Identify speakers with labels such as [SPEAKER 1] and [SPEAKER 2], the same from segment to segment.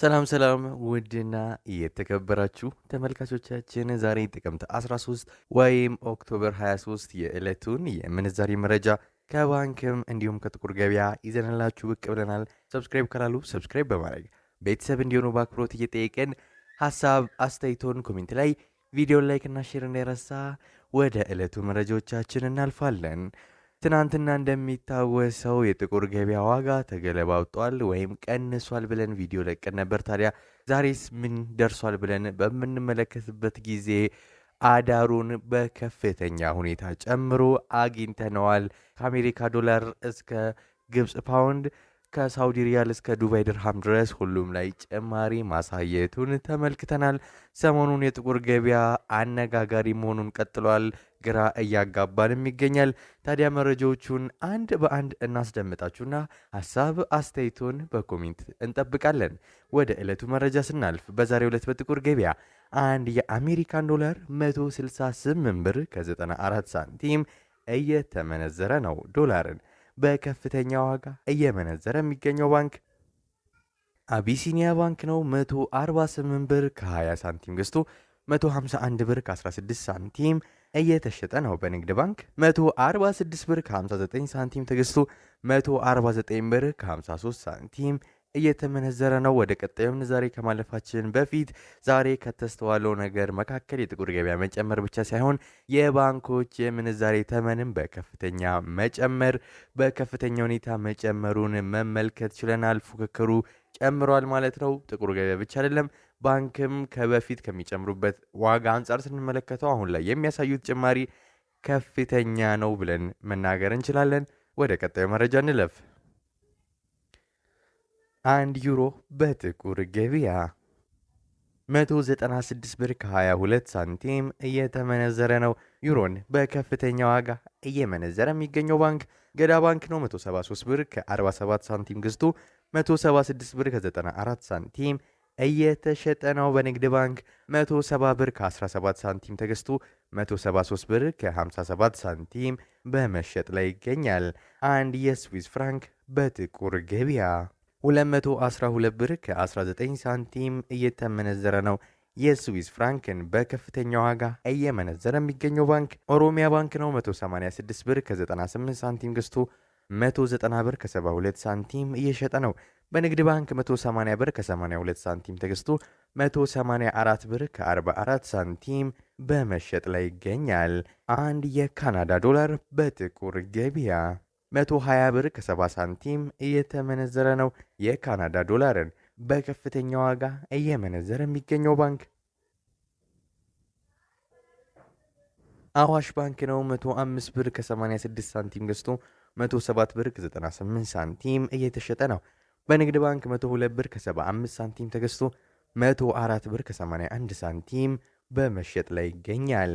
[SPEAKER 1] ሰላም ሰላም ውድና የተከበራችሁ ተመልካቾቻችን ዛሬ ጥቅምት 13 ወይም ኦክቶበር 23 የዕለቱን የምንዛሬ መረጃ ከባንክም እንዲሁም ከጥቁር ገበያ ይዘንላችሁ ብቅ ብለናል። ሰብስክራይብ ካላሉ ሰብስክራይብ በማድረግ ቤተሰብ እንዲሆኑ በአክብሮት እየጠየቅን ሀሳብ አስተያየቶን ኮሜንት ላይ ቪዲዮን ላይክና ሼር እንዳይረሳ። ወደ ዕለቱ መረጃዎቻችን እናልፋለን። ትናንትና እንደሚታወሰው የጥቁር ገበያ ዋጋ ተገለባብጧል ወይም ቀንሷል ብለን ቪዲዮ ለቀን ነበር። ታዲያ ዛሬስ ምን ደርሷል ብለን በምንመለከትበት ጊዜ አዳሩን በከፍተኛ ሁኔታ ጨምሮ አግኝተነዋል። ከአሜሪካ ዶላር እስከ ግብፅ ፓውንድ ከሳውዲ ሪያል እስከ ዱባይ ድርሃም ድረስ ሁሉም ላይ ጭማሪ ማሳየቱን ተመልክተናል። ሰሞኑን የጥቁር ገበያ አነጋጋሪ መሆኑን ቀጥሏል። ግራ እያጋባንም ይገኛል። ታዲያ መረጃዎቹን አንድ በአንድ እናስደምጣችሁና ሀሳብ አስተያየቶን በኮሜንት እንጠብቃለን። ወደ ዕለቱ መረጃ ስናልፍ በዛሬው ዕለት በጥቁር ገበያ አንድ የአሜሪካን ዶላር 168 ብር ከ94 ሳንቲም እየተመነዘረ ነው። ዶላርን በከፍተኛ ዋጋ እየመነዘረ የሚገኘው ባንክ አቢሲኒያ ባንክ ነው። 148 ብር ከ20 ሳንቲም ገዝቶ 151 ብር ከ16 ሳንቲም እየተሸጠ ነው። በንግድ ባንክ 146 ብር ከ59 ሳንቲም ተገዝቶ 149 ብር ከ53 ሳንቲም እየተመነዘረ ነው። ወደ ቀጣዩ ምንዛሬ ከማለፋችን በፊት ዛሬ ከተስተዋለው ነገር መካከል የጥቁር ገበያ መጨመር ብቻ ሳይሆን የባንኮች የምንዛሬ ተመንም በከፍተኛ መጨመር በከፍተኛ ሁኔታ መጨመሩን መመልከት ችለናል። ፉክክሩ ጨምሯል ማለት ነው። ጥቁር ገበያ ብቻ አይደለም ባንክም ከበፊት ከሚጨምሩበት ዋጋ አንጻር ስንመለከተው አሁን ላይ የሚያሳዩት ጭማሪ ከፍተኛ ነው ብለን መናገር እንችላለን። ወደ ቀጣዩ መረጃ እንለፍ። አንድ ዩሮ በጥቁር ገበያ 196 ብር ከ22 ሳንቲም እየተመነዘረ ነው። ዩሮን በከፍተኛ ዋጋ እየመነዘረ የሚገኘው ባንክ ገዳ ባንክ ነው። 173 ብር ከ47 ሳንቲም ገዝቶ 176 ብር ከ94 ሳንቲም እየተሸጠ ነው። በንግድ ባንክ 170 ብር ከ17 ሳንቲም ተገዝቶ 173 ብር ከ57 ሳንቲም በመሸጥ ላይ ይገኛል። አንድ የስዊስ ፍራንክ በጥቁር ገበያ 212 ብር ከ19 ሳንቲም እየተመነዘረ ነው። የስዊስ ፍራንክን በከፍተኛ ዋጋ እየመነዘረ የሚገኘው ባንክ ኦሮሚያ ባንክ ነው። 186 ብር ከ98 ሳንቲም ገዝቶ 190 ብር ከ72 ሳንቲም እየሸጠ ነው። በንግድ ባንክ 180 ብር ከ82 ሳንቲም ተገዝቶ 184 ብር ከ44 ሳንቲም በመሸጥ ላይ ይገኛል። አንድ የካናዳ ዶላር በጥቁር ገበያ 120 ብር ከ70 ሳንቲም እየተመነዘረ ነው። የካናዳ ዶላርን በከፍተኛ ዋጋ እየመነዘረ የሚገኘው ባንክ አዋሽ ባንክ ነው። 105 ብር ከ86 ሳንቲም ገዝቶ 107 ብር ከ98 ሳንቲም እየተሸጠ ነው። በንግድ ባንክ 102 ብር ከ75 ሳንቲም ተገዝቶ 104 ብር ከ81 ሳንቲም በመሸጥ ላይ ይገኛል።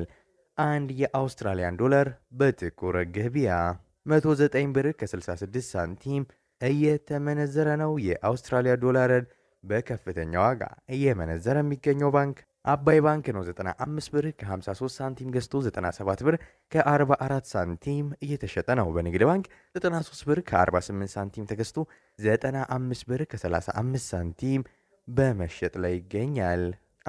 [SPEAKER 1] አንድ የአውስትራሊያን ዶላር በጥቁር ገበያ 109 ብር ከ66 ሳንቲም እየተመነዘረ ነው። የአውስትራሊያ ዶላርን በከፍተኛ ዋጋ እየመነዘረ የሚገኘው ባንክ አባይ ባንክ ነው 95 ብር ከ53 ሳንቲም ገዝቶ 97 ብር ከ44 ሳንቲም እየተሸጠ ነው። በንግድ ባንክ 93 ብር ከ48 ሳንቲም ተገዝቶ 95 ብር ከ35 ሳንቲም በመሸጥ ላይ ይገኛል።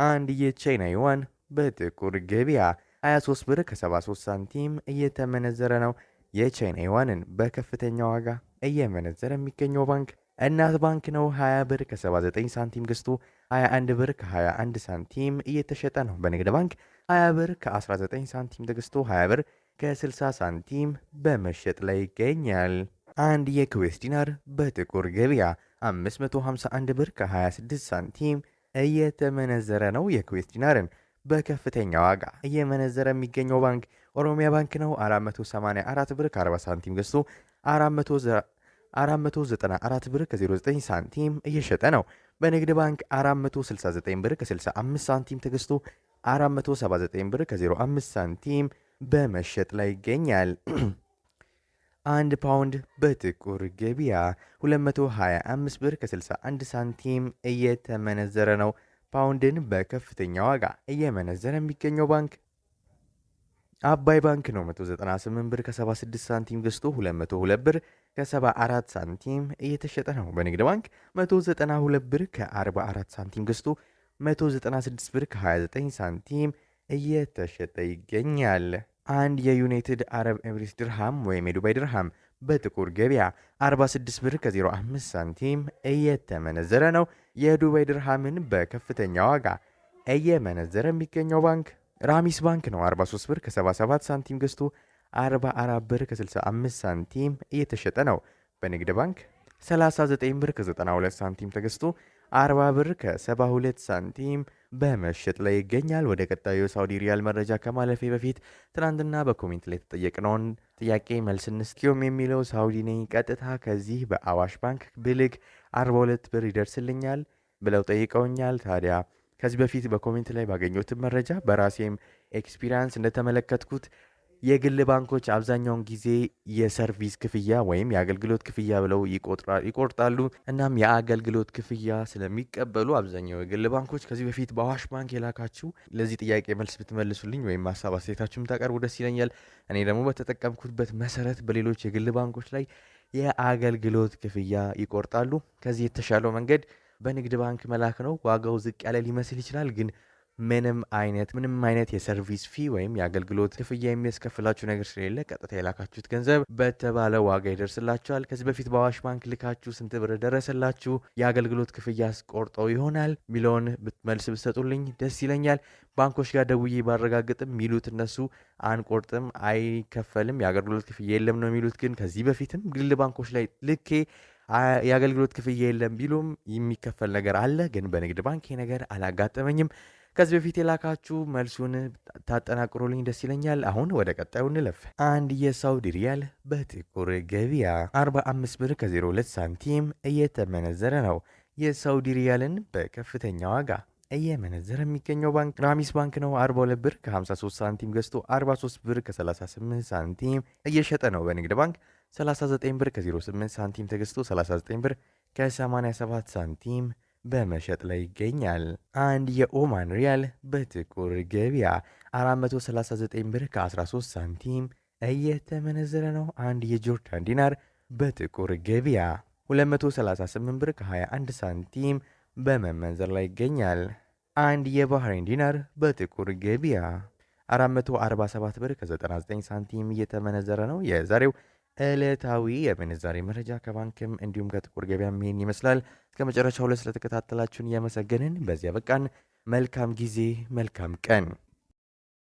[SPEAKER 1] አንድ የቻይና ዩዋን በጥቁር ገበያ 23 ብር ከ73 ሳንቲም እየተመነዘረ ነው። የቻይና ዩዋንን በከፍተኛ ዋጋ እየመነዘረ የሚገኘው ባንክ እናት ባንክ ነው 20 ብር ከ79 ሳንቲም ገዝቶ 21 ብር ከ21 ሳንቲም እየተሸጠ ነው። በንግድ ባንክ 20 ብር ከ19 ሳንቲም ተገዝቶ 20 ብር ከ60 ሳንቲም በመሸጥ ላይ ይገኛል። አንድ የኩዌት ዲናር በጥቁር ገበያ 551 ብር ከ26 ሳንቲም እየተመነዘረ ነው። የኩዌት ዲናርን በከፍተኛ ዋጋ እየመነዘረ የሚገኘው ባንክ ኦሮሚያ ባንክ ነው 484 ብር ከ40 ሳንቲም ገዝቶ 494 ብር ከ09 ሳንቲም እየሸጠ ነው። በንግድ ባንክ 469 ብር ከ65 ሳንቲም ተገዝቶ 479 ብር ከ05 ሳንቲም በመሸጥ ላይ ይገኛል። አንድ ፓውንድ በጥቁር ገበያ 225 ብር ከ61 ሳንቲም እየተመነዘረ ነው። ፓውንድን በከፍተኛ ዋጋ እየመነዘረ የሚገኘው ባንክ አባይ ባንክ ነው 198 ብር ከ76 ሳንቲም ገዝቶ 202 ብር ከ74 ሳንቲም እየተሸጠ ነው። በንግድ ባንክ 192 ብር ከ44 ሳንቲም ገዝቶ 196 ብር ከ29 ሳንቲም እየተሸጠ ይገኛል። አንድ የዩናይትድ አረብ ኤምሬትስ ድርሃም ወይም የዱባይ ድርሃም በጥቁር ገበያ 46 ብር ከ05 ሳንቲም እየተመነዘረ ነው። የዱባይ ድርሃምን በከፍተኛ ዋጋ እየመነዘረ የሚገኘው ባንክ ራሚስ ባንክ ነው 43 ብር ከ77 ሳንቲም ገዝቶ 44 ብር ከ65 ሳንቲም እየተሸጠ ነው። በንግድ ባንክ 39 ብር ከ92 ሳንቲም ተገዝቶ 40 ብር ከ72 ሳንቲም በመሸጥ ላይ ይገኛል። ወደ ቀጣዩ የሳውዲ ሪያል መረጃ ከማለፌ በፊት ትናንትና በኮሜንት ላይ የተጠየቅነውን ጥያቄ መልስ እንስኪዮም የሚለው ሳውዲ ነኝ ቀጥታ ከዚህ በአዋሽ ባንክ ብልግ 42 ብር ይደርስልኛል ብለው ጠይቀውኛል። ታዲያ ከዚህ በፊት በኮሜንት ላይ ባገኘሁትን መረጃ በራሴም ኤክስፒሪያንስ እንደተመለከትኩት የግል ባንኮች አብዛኛውን ጊዜ የሰርቪስ ክፍያ ወይም የአገልግሎት ክፍያ ብለው ይቆርጣሉ። እናም የአገልግሎት ክፍያ ስለሚቀበሉ አብዛኛው የግል ባንኮች ከዚህ በፊት በአዋሽ ባንክ የላካችሁ ለዚህ ጥያቄ መልስ ብትመልሱልኝ ወይም ሀሳብ አስተያየታችሁም ታቀርቡ ደስ ይለኛል። እኔ ደግሞ በተጠቀምኩበት መሰረት በሌሎች የግል ባንኮች ላይ የአገልግሎት ክፍያ ይቆርጣሉ። ከዚህ የተሻለው መንገድ በንግድ ባንክ መላክ ነው። ዋጋው ዝቅ ያለ ሊመስል ይችላል ግን ምንም አይነት ምንም አይነት የሰርቪስ ፊ ወይም የአገልግሎት ክፍያ የሚያስከፍላችሁ ነገር ስለሌለ ቀጥታ የላካችሁት ገንዘብ በተባለ ዋጋ ይደርስላችኋል። ከዚህ በፊት በአዋሽ ባንክ ልካችሁ ስንት ብር ደረሰላችሁ፣ የአገልግሎት ክፍያ አስቆርጠው ይሆናል ሚለውን መልስ ብትሰጡልኝ ደስ ይለኛል። ባንኮች ጋር ደውዬ ባረጋግጥም ሚሉት እነሱ አንቆርጥም፣ አይከፈልም፣ የአገልግሎት ክፍያ የለም ነው የሚሉት። ግን ከዚህ በፊትም ግል ባንኮች ላይ ልኬ የአገልግሎት ክፍያ የለም ቢሉም የሚከፈል ነገር አለ። ግን በንግድ ባንክ ይሄ ነገር አላጋጠመኝም። ከዚህ በፊት የላካችሁ መልሱን ታጠናቅሩልኝ ደስ ይለኛል። አሁን ወደ ቀጣዩ እንለፍ። አንድ የሳውዲ ሪያል በጥቁር ገበያ 45 ብር ከ02 ሳንቲም እየተመነዘረ ነው። የሳውዲ ሪያልን በከፍተኛ ዋጋ እየመነዘረ የሚገኘው ባንክ ራሚስ ባንክ ነው። 42 ብር ከ53 ሳንቲም ገዝቶ 43 ብር ከ38 ሳንቲም እየሸጠ ነው። በንግድ ባንክ 39 ብር ከ08 ሳንቲም ተገዝቶ 39 ብር ከ87 ሳንቲም በመሸጥ ላይ ይገኛል። አንድ የኦማን ሪያል በጥቁር ገበያ 439 ብር ከ13 ሳንቲም እየተመነዘረ ነው። አንድ የጆርዳን ዲናር በጥቁር ገበያ 238 ብር ከ21 ሳንቲም በመመንዘር ላይ ይገኛል። አንድ የባህሬን ዲናር በጥቁር ገበያ 447 ብር ከ99 ሳንቲም እየተመነዘረ ነው። የዛሬው ዕለታዊ የምንዛሬ መረጃ ከባንክም እንዲሁም ከጥቁር ገበያ ይህን ይመስላል። እስከ መጨረሻው ለስለተከታተላችሁን እያመሰገንን በዚያ በቃን። መልካም ጊዜ፣ መልካም ቀን